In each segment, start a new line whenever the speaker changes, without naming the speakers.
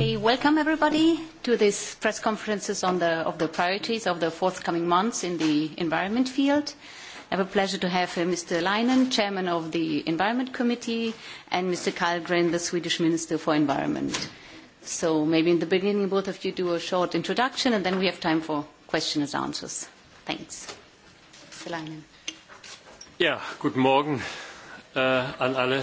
Okay, welcome everybody to this press conferences on the, of the priorities of the forthcoming months in the environment field. I have a pleasure to have Mr. Leinen, Chairman of the Environment Committee, and Mr. Carlgren, the Swedish Minister for Environment. maybe in the beginning both of you do a short introduction and then we have time for questions and answers. Thanks. Mr. Leinen.
Yeah. Good morning, an alle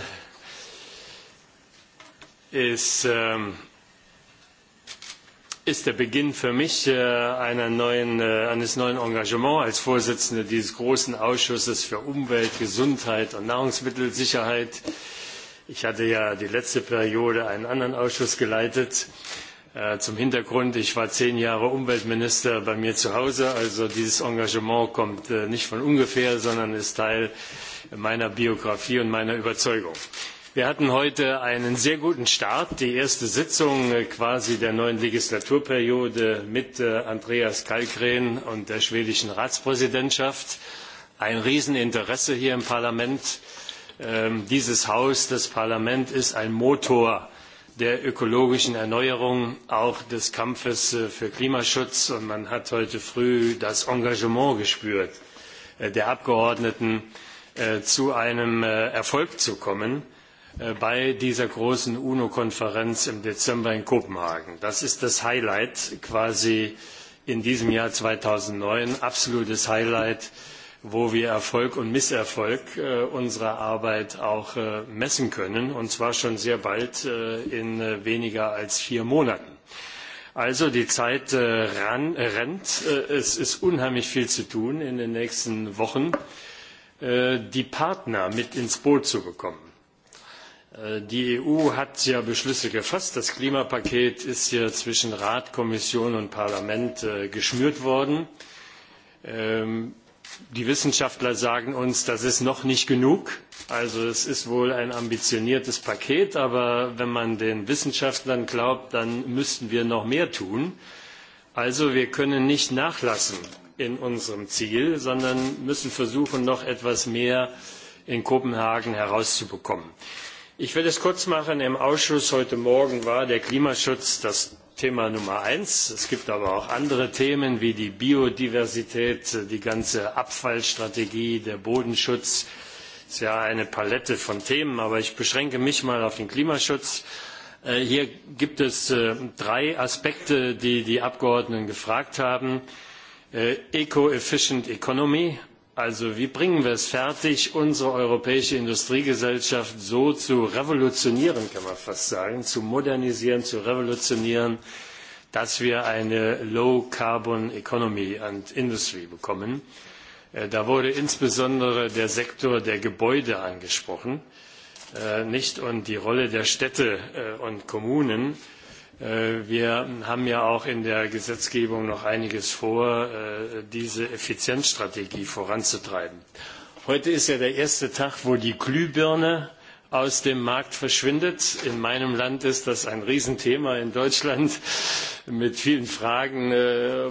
ist der Beginn für mich eines neuen Engagements als Vorsitzender dieses großen Ausschusses für Umwelt, Gesundheit und Nahrungsmittelsicherheit. Ich hatte ja die letzte Periode einen anderen Ausschuss geleitet. Zum Hintergrund, ich war zehn Jahre Umweltminister bei mir zu Hause. Also dieses Engagement kommt nicht von ungefähr, sondern ist Teil meiner Biografie und meiner Überzeugung. Wir hatten heute einen sehr guten Start, die erste Sitzung quasi der neuen Legislaturperiode mit Andreas Kalkren und der schwedischen Ratspräsidentschaft. Ein Rieseninteresse hier im Parlament. Dieses Haus, das Parlament, ist ein Motor der ökologischen Erneuerung, auch des Kampfes für Klimaschutz. Und man hat heute früh das Engagement gespürt der Abgeordneten, zu einem Erfolg zu kommen bei dieser großen UNO-Konferenz im Dezember in Kopenhagen. Das ist das Highlight quasi in diesem Jahr 2009, absolutes Highlight, wo wir Erfolg und Misserfolg unserer Arbeit auch messen können, und zwar schon sehr bald in weniger als vier Monaten. Also die Zeit rennt. es ist unheimlich viel zu tun in den nächsten Wochen, die Partner mit ins Boot zu bekommen. Die EU hat ja Beschlüsse gefasst. Das Klimapaket ist ja zwischen Rat, Kommission und Parlament geschnürt worden. Die Wissenschaftler sagen uns, das ist noch nicht genug. Also es ist wohl ein ambitioniertes Paket, aber wenn man den Wissenschaftlern glaubt, dann müssten wir noch mehr tun. Also wir können nicht nachlassen in unserem Ziel, sondern müssen versuchen, noch etwas mehr in Kopenhagen herauszubekommen. Ich will es kurz machen. Im Ausschuss heute Morgen war der Klimaschutz das Thema Nummer eins. Es gibt aber auch andere Themen wie die Biodiversität, die ganze Abfallstrategie, der Bodenschutz. Das ist ja eine Palette von Themen, aber ich beschränke mich mal auf den Klimaschutz. Hier gibt es drei Aspekte, die die Abgeordneten gefragt haben. Eco-efficient Economy, Also wie bringen wir es fertig, unsere europäische Industriegesellschaft so zu revolutionieren, kann man fast sagen, zu modernisieren, zu revolutionieren, dass wir eine Low Carbon Economy and Industry bekommen. Da wurde insbesondere der Sektor der Gebäude angesprochen, nicht und die Rolle der Städte und Kommunen. Wir haben ja auch in der Gesetzgebung noch einiges vor, diese Effizienzstrategie voranzutreiben. Heute ist ja der erste Tag, wo die Glühbirne aus dem Markt verschwindet. In meinem Land ist das ein Riesenthema in Deutschland mit vielen Fragen,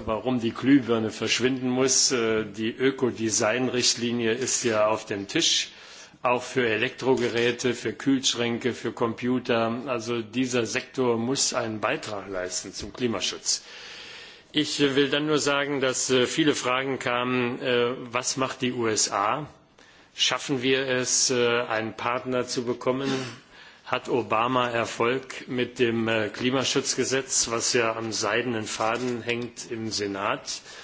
warum die Glühbirne verschwinden muss. Die Ökodesign-Richtlinie ist ja auf dem Tisch auch für Elektrogeräte, für Kühlschränke, für Computer. Also dieser Sektor muss einen Beitrag leisten zum Klimaschutz. Ich will dann nur sagen, dass viele Fragen kamen, was macht die USA? Schaffen wir es, einen Partner zu bekommen? Hat Obama Erfolg mit dem Klimaschutzgesetz, was ja am seidenen Faden hängt im Senat? hängt?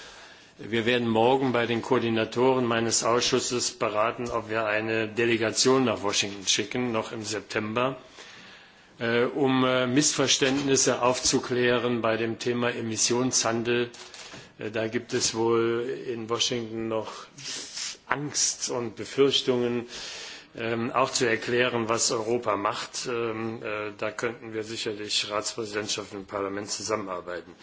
Wir werden morgen bei den Koordinatoren meines Ausschusses beraten, ob wir eine Delegation nach Washington schicken, noch im September, um Missverständnisse aufzuklären bei dem Thema Emissionshandel. Da gibt es wohl in Washington noch Angst und Befürchtungen, auch zu erklären, was Europa macht. Da könnten wir sicherlich Ratspräsidentschaft und Parlament zusammenarbeiten.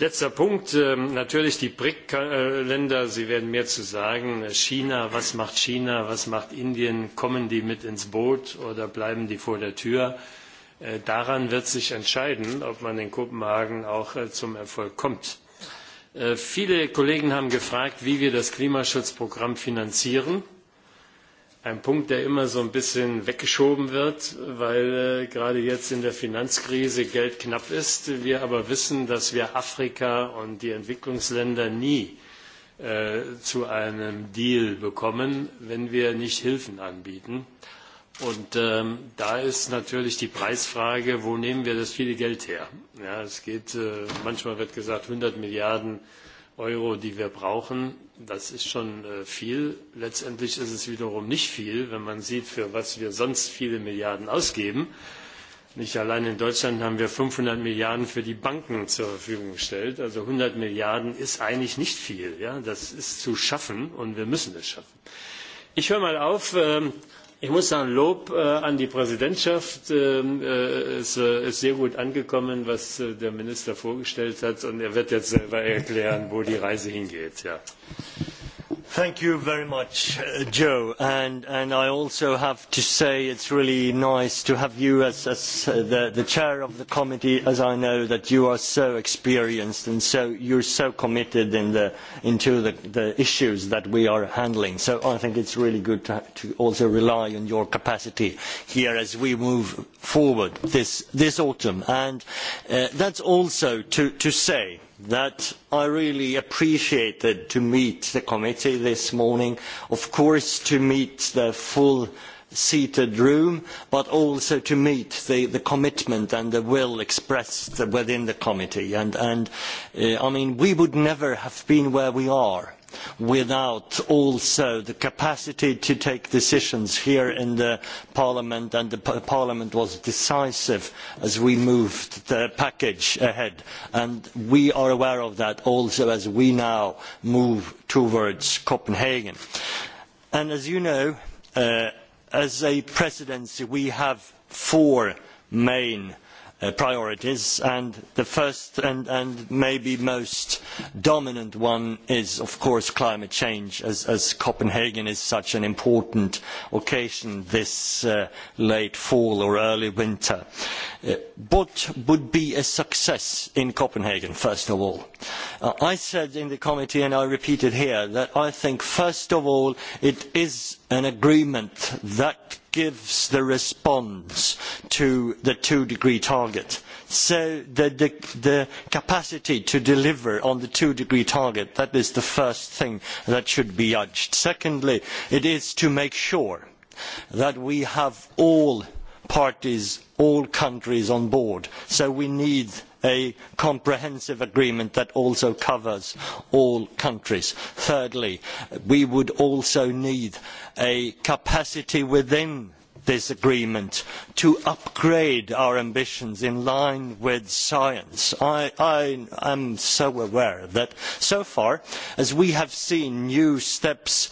Letzter Punkt, natürlich die BRIC-Länder, Sie werden mehr zu sagen. China, was macht China, was macht Indien? Kommen die mit ins Boot oder bleiben die vor der Tür? Daran wird sich entscheiden, ob man in Kopenhagen auch zum Erfolg kommt. Viele Kollegen haben gefragt, wie wir das Klimaschutzprogramm finanzieren ein Punkt, der immer so ein bisschen weggeschoben wird, weil gerade jetzt in der Finanzkrise Geld knapp ist. Wir aber wissen, dass wir Afrika und die Entwicklungsländer nie zu einem Deal bekommen, wenn wir nicht Hilfen anbieten. Und da ist natürlich die Preisfrage, wo nehmen wir das viele Geld her? Ja, es geht, manchmal wird gesagt, 100 Milliarden Euro Euro, die wir brauchen, das ist schon viel. Letztendlich ist es wiederum nicht viel, wenn man sieht, für was wir sonst viele Milliarden ausgeben. Nicht allein in Deutschland haben wir 500 Milliarden für die Banken zur Verfügung gestellt. Also 100 Milliarden ist eigentlich nicht viel. Das ist zu schaffen und wir müssen es schaffen. Ich höre mal auf Ich muss sagen, Lob an die Präsidentschaft. es ist sehr gut angekommen, was der Minister vorgestellt hat. Und er wird jetzt selber erklären, wo die Reise hingeht.
Thank you very much, Joe. And, I also have to say it is really nice to have you as, the, the chair of the committee, as I know that you are so experienced and so you're so committed in the, into the, the issues that we are handling. So I think it's really good to, to also rely on your capacity here as we move forward this, this autumn. And uh, that's also to, to say that I really appreciated to meet the committee this morning, of course to meet the full seated room, but also to meet the, commitment and the will expressed within the committee. we would never have been where we are without also the capacity to take decisions here in the parliament and the parliament was decisive as we moved the package ahead and we are aware of that also as we now move towards copenhagen as you know as a presidency we have four main priorities and the first and maybe most dominant one is of course climate change as Copenhagen is such an important occasion this late fall or early winter. What would be a success in Copenhagen first of all? I said in the committee and I repeat it here that I think first of all it is an agreement that gives the response to the two degree target. So the, capacity to deliver on the two degree target, that is the first thing that should be judged. Secondly, it is to make sure that we have all parties, all countries on board. So we need a comprehensive agreement that also covers all countries. thirdly we would also need a capacity within this agreement to upgrade our ambitions in line with science. I, am so aware that so far as we have seen new steps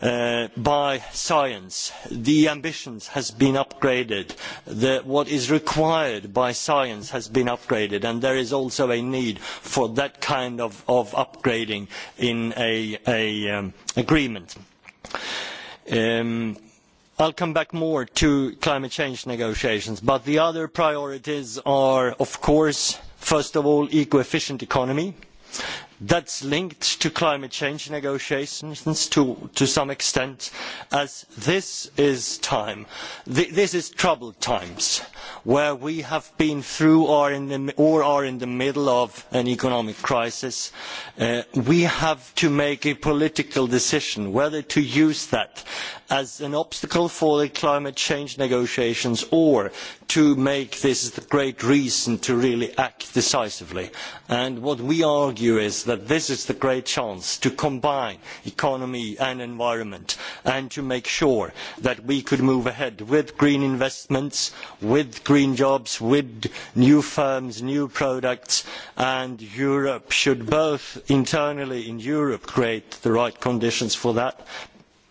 by science. The ambitions have been upgraded. what is required by science has been upgraded, and there is also a need for that kind of, upgrading in an agreement. I will come back more to climate change negotiations, but the other priorities are, of course, first of all, eco-efficient economy That is linked to climate change negotiations to some extent, as this is time. This is troubled times, where we have been through or are in the middle of an economic crisis. We have to make a political decision whether to use that as an obstacle for the climate change negotiations or to make this the great reason to really act decisively. what we argue is that that this is the great chance to combine economy and environment and to make sure that we could move ahead with green investments, with green jobs, with new firms, new products, and Europe should both internally in Europe create the right conditions for that,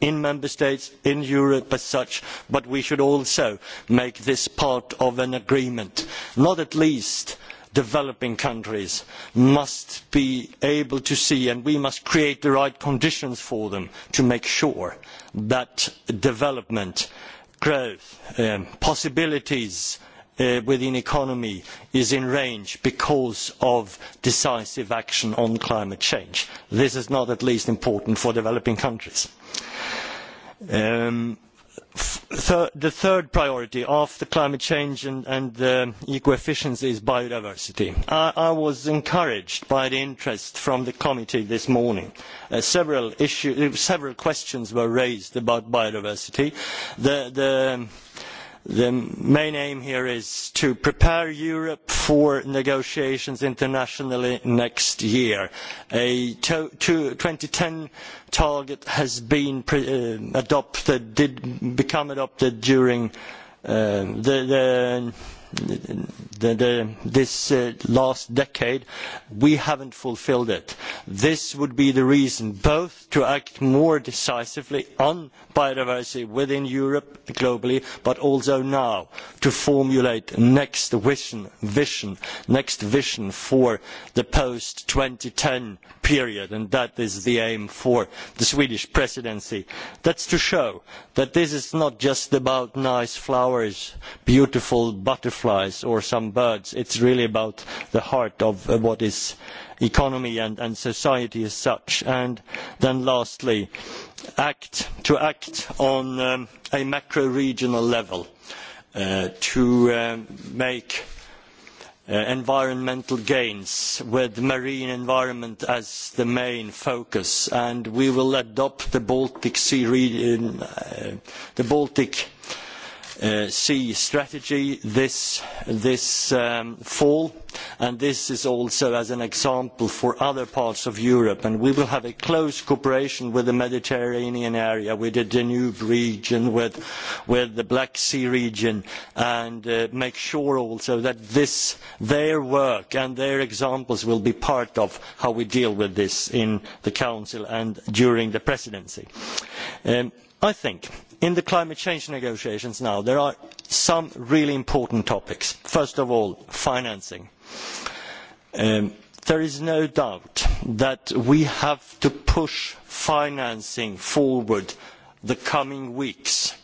in member states in europe as such but we should also make this part of an agreement not least developing countries must be able to see and we must create the right conditions for them to make sure that development, growth, and possibilities within the economy is in range because of decisive action on climate change. This is not at least important for developing countries the third priority after climate change and eco efficiency is biodiversity. i was encouraged by the interest from the committee this morning. several questions were raised about biodiversity. the The main aim here is to prepare Europe for negotiations internationally next year. A ten target has been adopted, did become adopted during the this last decade, we haven't fulfilled it. This would be the reason both to act more decisively on biodiversity within Europe globally, but also now to formulate next vision, next vision for the post ten period, and that is the aim for the Swedish presidency. That is to show that this is not just about nice flowers, beautiful butterflies, butterflies or some birds. It is really about the heart of what is economy and, society as such. And then lastly, to act on a macro-regional level to make environmental gains with marine environment as the main focus and we will adopt the Baltic sea strategy this fall and this is also as an example for other parts of Europe and we will have a close cooperation with the Mediterranean area with the Danube region with the Black Sea region and make sure also that their work and their examples will be part of how we deal with this in the Council and during the presidency. I think in the climate change negotiations now there are some really important topics first of all financing there is no doubt that we have to push financing forward the coming weeks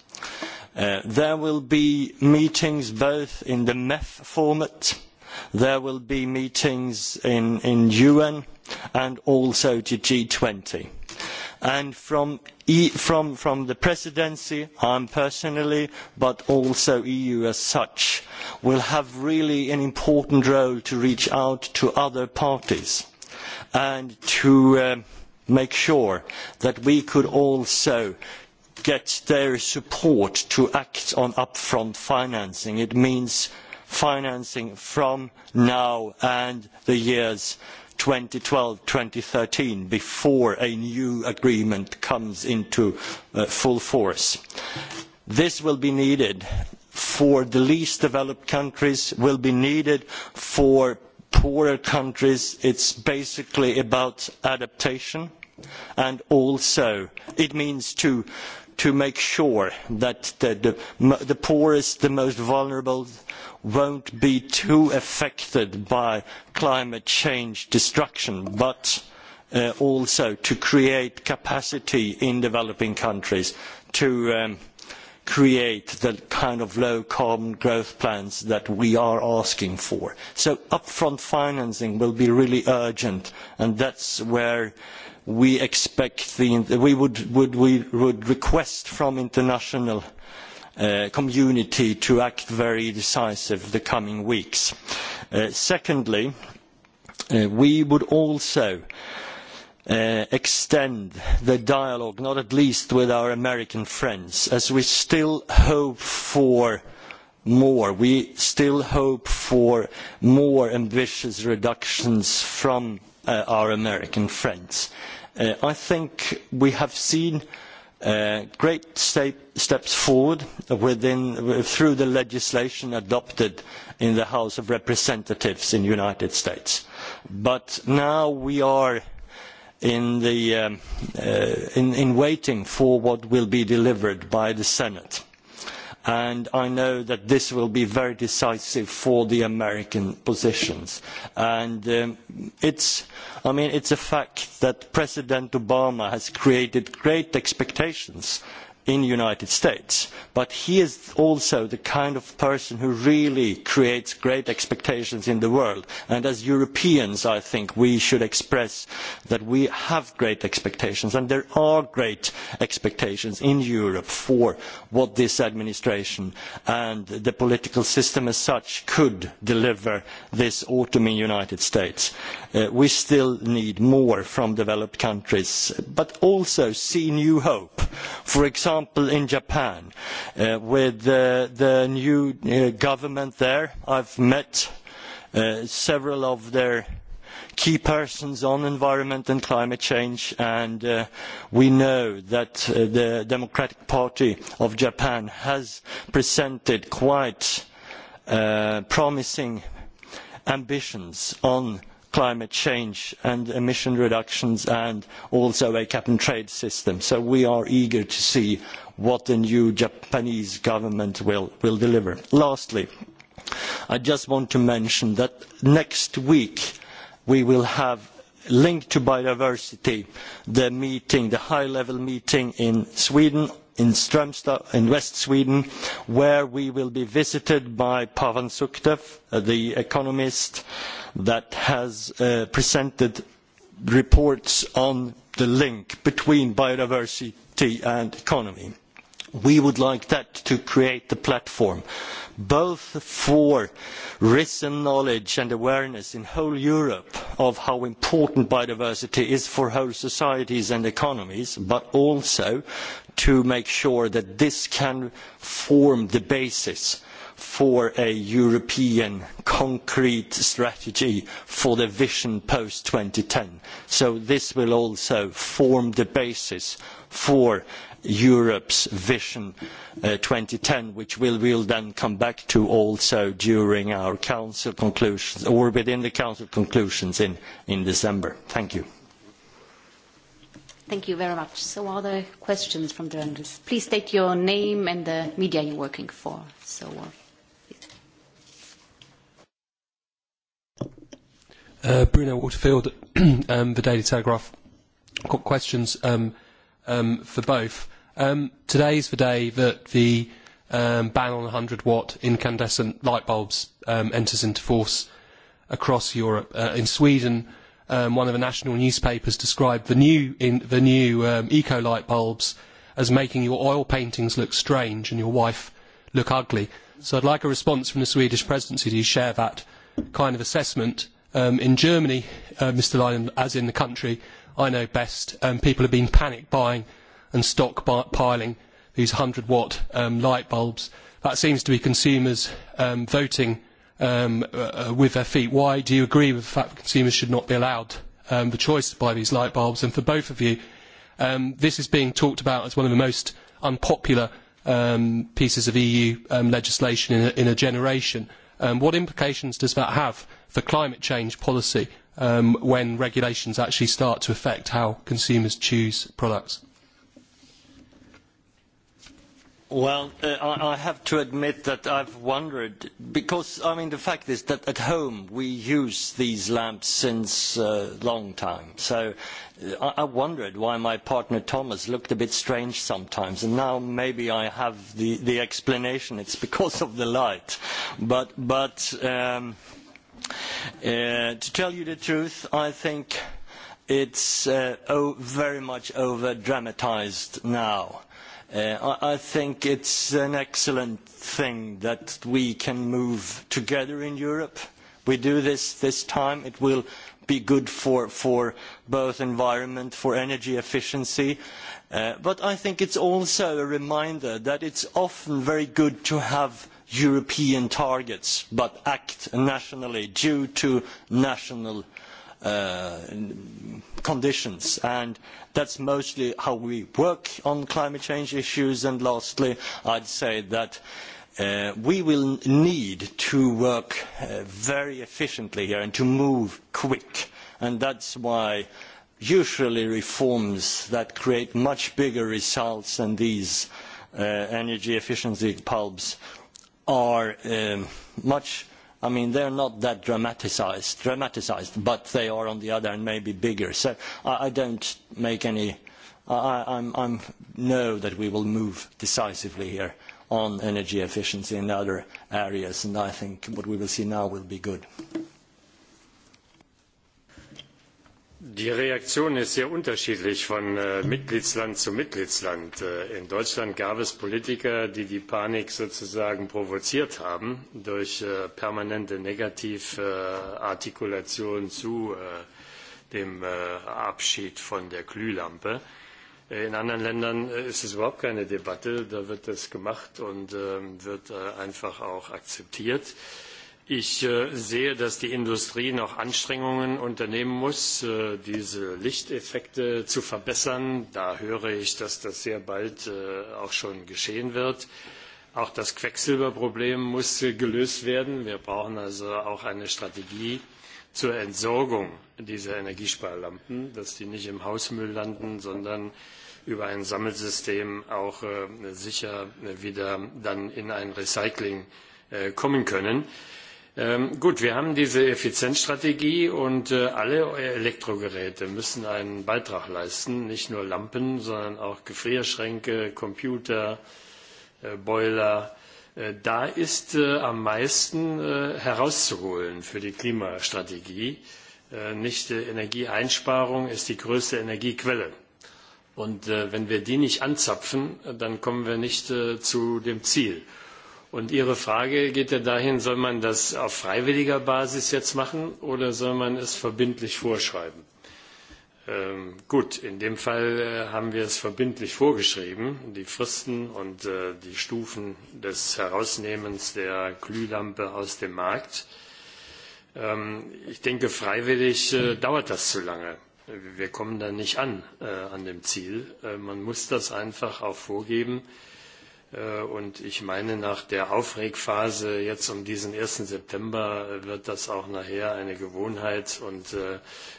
there will be meetings both in the MEF format there will be meetings in the UN and also the g twenty and from the presidency i personally but also the eu as such will have really an important role to reach out to other parties and to make sure that we could also get their support to act on upfront financing. it means financing from now and the years two twelve 2012 thirteen before a new agreement comes into full force. This will be needed for the least developed countries, will be needed for poorer countries. It is basically about adaptation and also it means to make sure that the poorest, the most vulnerable won't be too affected by climate change destruction, but also to create capacity in developing countries to create the kind of low carbon growth plans that we are asking for. So upfront financing will be really urgent, and that's where we expect the, we would, would, we would request from international community to act very decisive the coming weeks. secondly, we would also extend the dialogue, not at least with our American friends, as we still hope for more. We still hope for more ambitious reductions from our American friends. I think we have seen great steps forward through the legislation adopted in the House of Representatives in the United States. But now we are in, waiting for what will be delivered by the Senate and I know that this will be very decisive for the American positions. And it's, I mean, it's a fact that President Obama has created great expectations in the United States. But he is also the kind of person who really creates great expectations in the world. And as Europeans, I think we should express that we have great expectations. And there are great expectations in Europe for what this administration and the political system as such could deliver this autumn in the United States. we still need more from developed countries, but also see new hope. For example, example in Japan with the new government there. I have met several of their key persons on environment and climate change and we know that the Democratic Party of Japan has presented quite promising ambitions on climate change and emission reductions and also a cap and trade system. So we are eager to see what the new Japanese government will, deliver. Lastly, I just want to mention that next week we will have linked to biodiversity the meeting, the high-level meeting in Sweden in strmstad in West Sweden, where we will be visited by Pavan Sukhdev, the economist that has presented reports on the link between biodiversity and economy we would like that to create the platform both for risen knowledge and awareness in whole Europe of how important biodiversity is for whole societies and economies but also to make sure that this can form the basis for a European concrete strategy for the vision post ten. So this will also form the basis for Europe's Vision ten, which we will then come back to also during our council conclusions or within the council conclusions in December. Thank you.
Thank you very much. So are there questions from journalists? Please state your name and the media you're working for. So,
uh, Bruno Waterfield, um, The Daily Telegraph. Got questions. Um, for both. Today is the day that the ban on one hundred watt incandescent light bulbs enters into force across Europe. in Sweden, one of the national newspapers described the new, eco light bulbs as making your oil paintings look strange and your wife look ugly. So I'd like a response from the Swedish presidency. Do you share that kind of assessment? in Germany, Mr. Leinen, as in the country, I know best, um, people have been panic buying and stockpiling these 100 watt um, light bulbs. That seems to be consumers um, voting um, uh, with their feet. Why do you agree with the fact that consumers should not be allowed um, the choice to buy these light bulbs? And for both of you, um, this is being talked about as one of the most unpopular um, pieces of EU um, legislation in a, in a generation. Um, what implications does that have for climate change policy when regulations actually start to affect how consumers choose products?
Well, uh I have to admit that I've wondered because I mean the fact is that at home we use these lamps since a long time. So I wondered why my partner Thomas looked a bit strange sometimes, and now maybe I have the the explanation. It's because of the light, but but. Um, to tell you the truth, I think it's very much over dramatized now. I, think it's an excellent thing that we can move together in Europe. We do this this time. It will be good for, both environment, for energy efficiency. but I think it's also a reminder that it's often very good to have European targets but act nationally due to national conditions. And that's mostly how we work on climate change issues. And lastly, I'd say that we will need to work very efficiently here and to move quick. And that's why usually reforms that create much bigger results than these energy efficiency pubs are much I mean, they're not that dramatized, dramatised, but they are, on the other hand, maybe bigger. So I, I don't make any, I, I'm, I'm know that we will move decisively here on energy efficiency in other areas, and I think what we will see now will be good.
Die Reaktion ist sehr unterschiedlich von Mitgliedsland zu Mitgliedsland. in Deutschland gab es Politiker, die die Panik sozusagen provoziert haben durch permanente Negativartikulation zu dem Abschied von der Glühlampe. In anderen Ländern ist es überhaupt keine Debatte. Da wird das gemacht und wird einfach auch akzeptiert. Ich sehe, dass die Industrie noch Anstrengungen unternehmen muss, diese Lichteffekte zu verbessern. Da höre ich, dass das sehr bald auch schon geschehen wird. Auch das Quecksilberproblem muss gelöst werden. Wir brauchen also auch eine Strategie zur Entsorgung dieser Energiesparlampen, dass die nicht im Hausmüll landen, sondern über ein Sammelsystem auch sicher wieder dann in ein Recycling kommen können Gut, wir haben diese Effizienzstrategie und alle Elektrogeräte müssen einen Beitrag leisten, nicht nur Lampen, sondern auch Gefrierschränke, Computer, Boiler. Da ist am meisten herauszuholen für die Klimastrategie. Nicht Energieeinsparung ist die größte Energiequelle. Und wenn wir die nicht anzapfen, dann kommen wir nicht zu dem Ziel. Und Ihre Frage geht ja dahin, soll man das auf freiwilliger Basis jetzt machen oder soll man es verbindlich vorschreiben? gut, in dem Fall haben wir es verbindlich vorgeschrieben, die Fristen und die Stufen des Herausnehmens der Glühlampe aus dem Markt. ich denke, freiwillig dauert das zu lange. Wir kommen da nicht an, an dem Ziel. man muss das einfach auch vorgeben. Äh, Und ich meine, nach der Aufregphase jetzt um diesen 1. September wird das auch nachher eine Gewohnheit. Und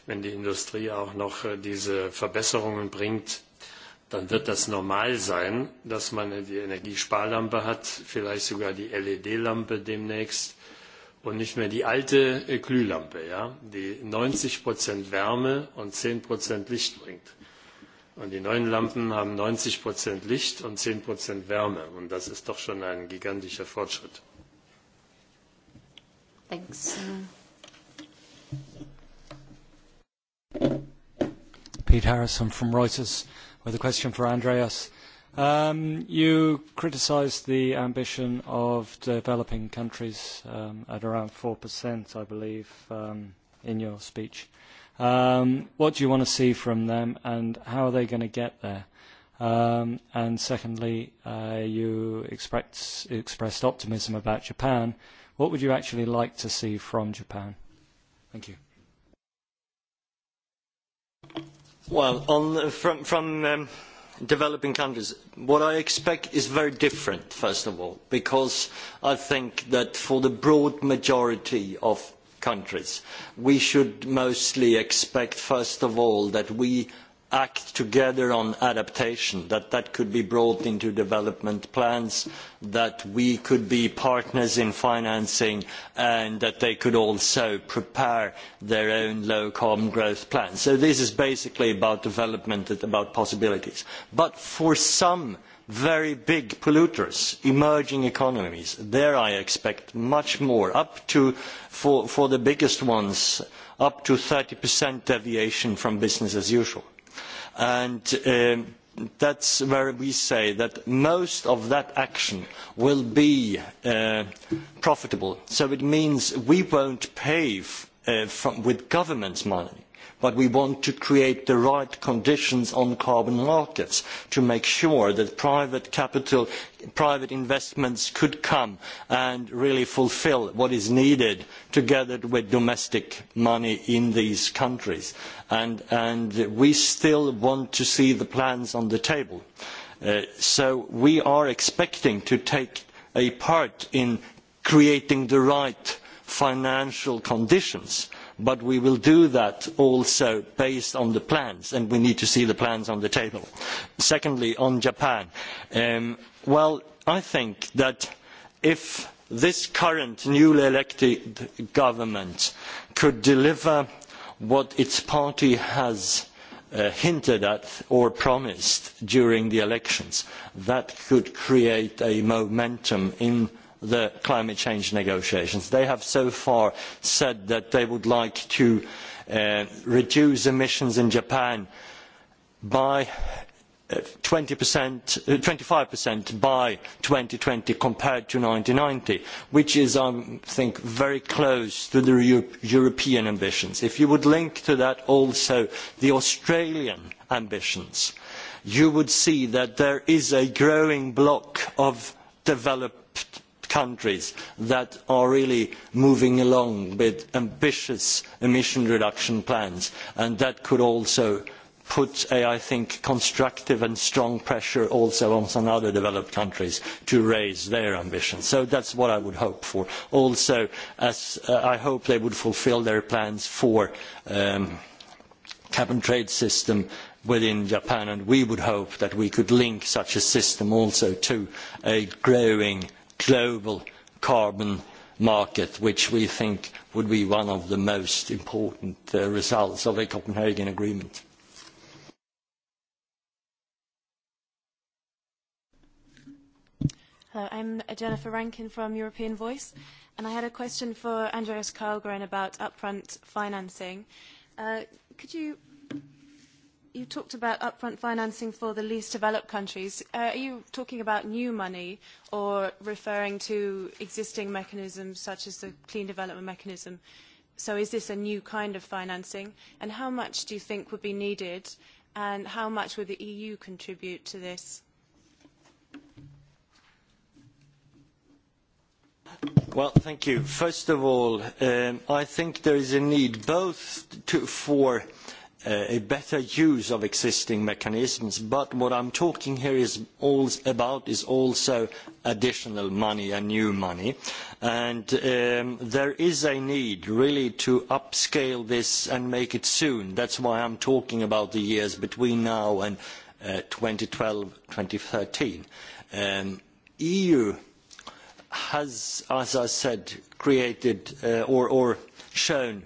wenn die Industrie auch noch diese Verbesserungen bringt, dann wird das normal sein, dass man die Energiesparlampe hat, vielleicht sogar die LED-Lampe demnächst und nicht mehr die alte Glühlampe, ja, die 90 Prozent Wärme und 10 Prozent Licht bringt. Und die neuen Lampen haben 90 Prozent Licht und 10 Prozent Wärme. Und das ist doch schon ein gigantischer Fortschritt.
Thanks.
Pete Harrison from Reuters with a question for Andreas. Um, you criticised the ambition of developing countries um, at around 4%, I believe, um, in your speech. Um, what do you want to see from them and how are they going to get there? Um, and secondly, uh, you expect, expressed optimism about Japan. What would you actually like to see from Japan? Thank you.
Well, on, the from, from um, developing countries, what I expect is very different, first of all, because I think that for the broad majority of countries. We should mostly expect, first of all, that we act together on adaptation, that that could be brought into development plans, that we could be partners in financing, and that they could also prepare their own low-carbon growth plans. So this is basically about development, about possibilities. But for some very big polluters, emerging economies. There I expect much more, up to, for the biggest ones, up to 30% deviation from business as usual. And that is where we say that most of that action will be profitable. So it means we won't pay with government's money but we want to create the right conditions on carbon markets to make sure that private capital, private investments could come and really fulfil what is needed together with domestic money in these countries. we still want to see the plans on the table. so we are expecting to take a part in creating the right financial conditions but we will do that also based on the plans, and we need to see the plans on the table. Secondly, on Japan, well, I think that if this current newly elected government could deliver what its party has hinted at or promised during the elections, that could create a momentum in the climate change negotiations. They have so far said that they would like to reduce emissions in Japan by 25% by twenty compared to ninety, which is, I think, very close to the European ambitions. If you would link to that also the Australian ambitions, you would see that there is a growing block of developed countries that are really moving along with ambitious emission reduction plans and that could also put a, I think, constructive and strong pressure also on some other developed countries to raise their ambitions. So that's what I would hope for. Also, as, I hope they would fulfil their plans for um, cap and trade system within Japan, and we would hope that we could link such a system also to a growing global carbon market, which we think would be one of the most important results of a Copenhagen Agreement.
Hello, I'm Jennifer Rankin from European Voice, and I had a question for Andreas Karlgren about upfront financing. Could you you talked about upfront financing for the least developed countries. are you talking about new money or referring to existing mechanisms such as the Clean Development Mechanism? So is this a new kind of financing? And how much do you think would be needed? And how much would the EU contribute to this?
Well, thank you. First of all, I think there is a need both to for a better use of existing mechanisms. But what I am talking here is about is also additional money and new money. And there is a need really to upscale this and make it soon. That is why I am talking about the years between now and twelve 2012 thirteen. EU has, as I said, created or shown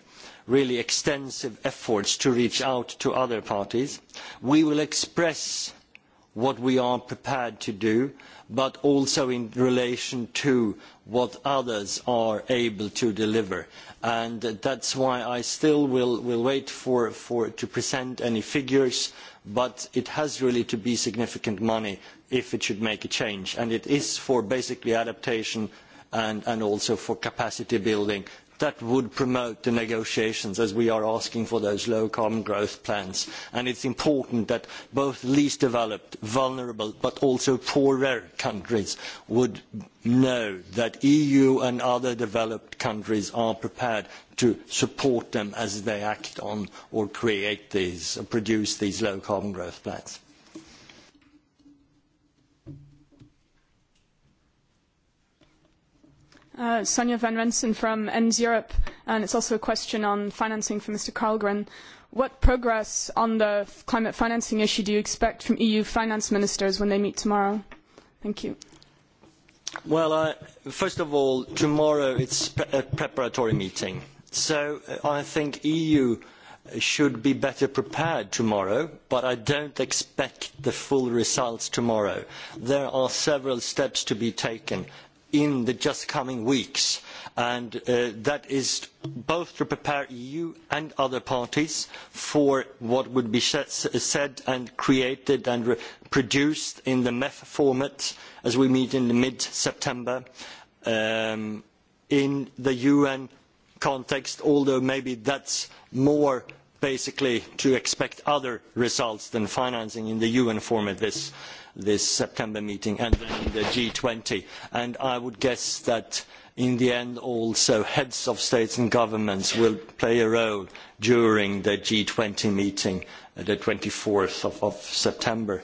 really extensive efforts to reach out to other parties. We will express what we are prepared to do, but also in relation to what others are able to deliver. And that's why I still will wait to present any figures, but it has really to be significant money if it should make a change. And it is for basically adaptation and also for capacity building that would promote the negotiations as we are asking for those low carbon growth plans. And it's important that both least developed, vulnerable, but also poorer countries would know that the EU and other developed countries are prepared to support them as they act on or create these, or produce these low carbon growth plans.
Sonja van Rensen from ENDS Europe, and it's also a question on financing for Mr. Carlgren. What progress on the climate financing issue do you expect from EU finance ministers when they meet tomorrow? Thank you.
Well, first of all, tomorrow it's a preparatory meeting. So I think EU should be better prepared tomorrow, but I don't expect the full results tomorrow. There are several steps to be taken in the just coming weeks. And that is both to prepare the EU and other parties for what would be said and created and produced in the MEF format as we meet in mid-September in the UN context, although maybe that is more basically to expect other results than financing in the UN form at this, September meeting and then in the g twenty. And I would guess that in the end also heads of states and governments will play a role during the g twenty meeting, the 24th of, of September.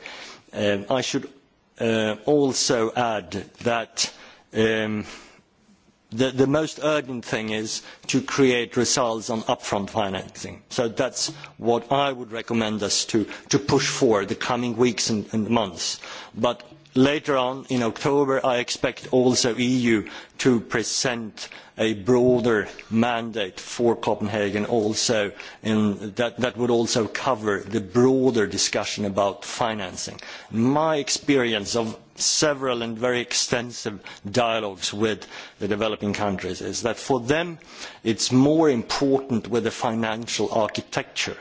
I should also add that the, the most urgent thing is to create results on upfront financing. So that's what I would recommend us to, to push for the coming weeks and, and months. But later on in October, I expect also EU to present a broader mandate for Copenhagen also, and that, that would also cover the broader discussion about financing. My experience of several and very extensive dialogues with the developing countries is that for them it is more important with the financial architecture.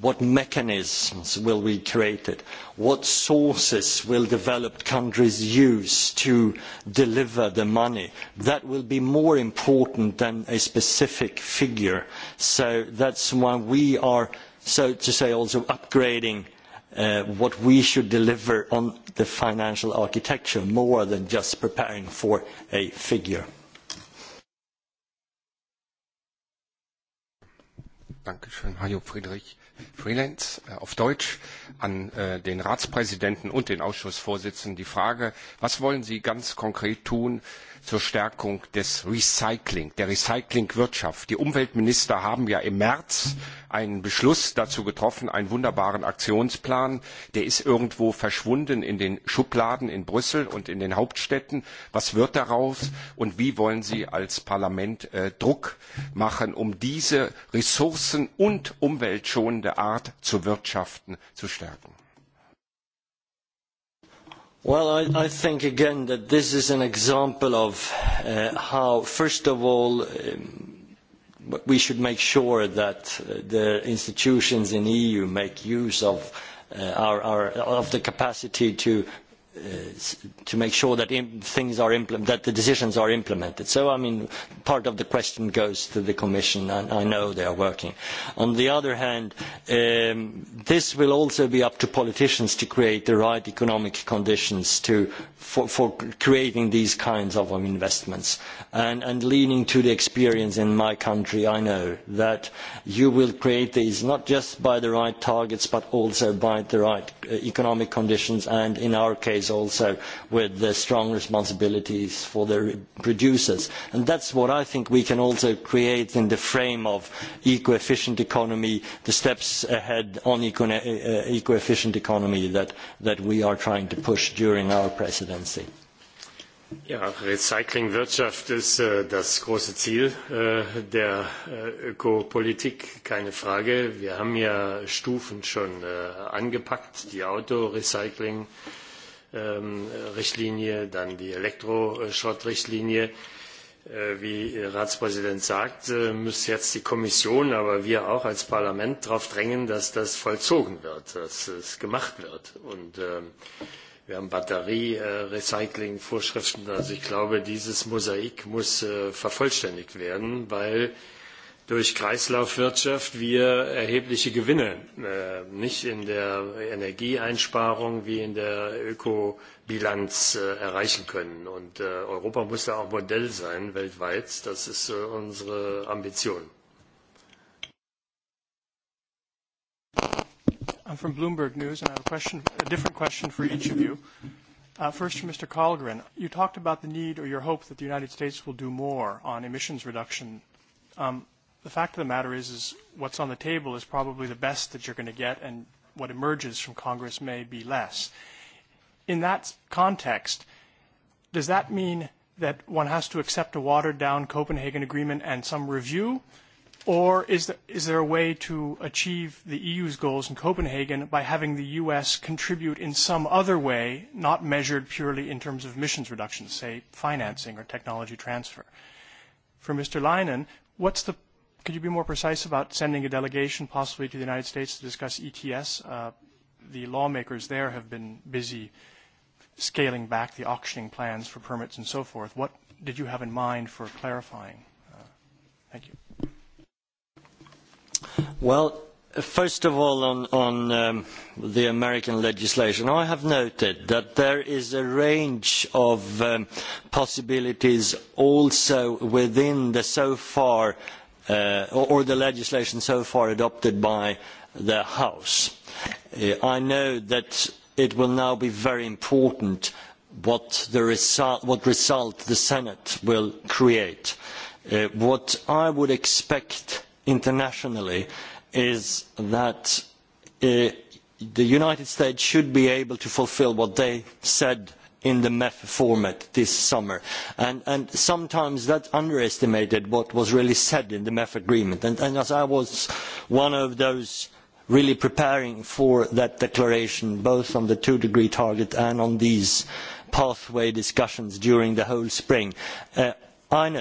What mechanisms will be created? What sources will developed countries use to deliver the money? That will be more important than a specific figure. So that is why we are, so to say, also upgrading what we should deliver on the financial architecture more than just preparing for a figure. Dankeschön, Hajo
Friedrich. Freelance auf Deutsch an den Ratspräsidenten und den Ausschussvorsitzenden die Frage, was wollen Sie ganz konkret tun zur Stärkung des Recycling, der Recyclingwirtschaft? Die Umweltminister haben ja im März einen Beschluss dazu getroffen, einen wunderbaren Aktionsplan. Der ist irgendwo verschwunden in den Schubladen in Brüssel und in den Hauptstädten. Was wird daraus und wie wollen Sie als Parlament Druck machen, um diese ressourcen- und umweltschonende bestehende Art zu wirtschaften zu stärken?
Well, I, I think again that this is an example of how, first of all, we should make sure that the institutions in the EU make use of our, our of the capacity to to make sure that things are that the decisions are implemented. So I mean, part of the question goes to the Commission, and I know they are working. On the other hand, this will also be up to politicians to create the right economic conditions for, creating these kinds of investments. And, leaning to the experience in my country, I know that you will create these not just by the right targets, but also by the right economic conditions, and in our case countries also with the strong responsibilities for their producers. And is what I think we can also create in the frame of eco-efficient economy, the steps ahead on eco-efficient economy that we are trying to push during our presidency.
Ja, Recyclingwirtschaft ist das große Ziel der Ökopolitik, keine Frage. Wir haben ja Stufen schon angepackt, die Autorecycling, recycling Richtlinie, dann die Elektroschrottrichtlinie. Wie Ratspräsident sagt, muss jetzt die Kommission, aber wir auch als Parlament darauf drängen, dass das vollzogen wird, dass es gemacht wird. Und wir haben Batterie-Recycling-Vorschriften. Also ich glaube, dieses Mosaik muss vervollständigt werden, weil durch Kreislaufwirtschaft wir erhebliche Gewinne, nicht in der Energieeinsparung wie in der Ökobilanz erreichen können. Und Europa muss da auch Modell sein weltweit. Das ist unsere Ambition.
I'm from Bloomberg News, and I have a question, a different question for each of you. Uh, first, for Mr. Colgren, you talked about the need or your hope that the United States will do more on emissions reduction. Um, the fact of the matter is, is what's on the table is probably the best that you're going to get, and what emerges from Congress may be less. In that context, does that mean that one has to accept a watered-down Copenhagen Agreement and some review, or is there, is there a way to achieve the EU's goals in Copenhagen by having the US contribute in some other way, not measured purely in terms of emissions reduction, say financing or technology transfer? For Mr. Leinen, what's the Could you be more precise about sending a delegation possibly to the United States to discuss ETS? Uh, the lawmakers there have been busy scaling back the auctioning plans for permits and so forth. What did you have in mind for clarifying? Uh, thank you.
Well, first of all, on, on um, the American legislation, I have noted that there is a range of um, possibilities also within the so far or the legislation so far adopted by the House. I know that it will now be very important what, result, the Senate will create. what I would expect internationally is that the United States should be able to fulfil what they said in the MEF format this summer. And, sometimes that underestimated what was really said in the MEF agreement. And, as I was one of those really preparing for that declaration, both on the two-degree target and on these pathway discussions during the whole spring, I know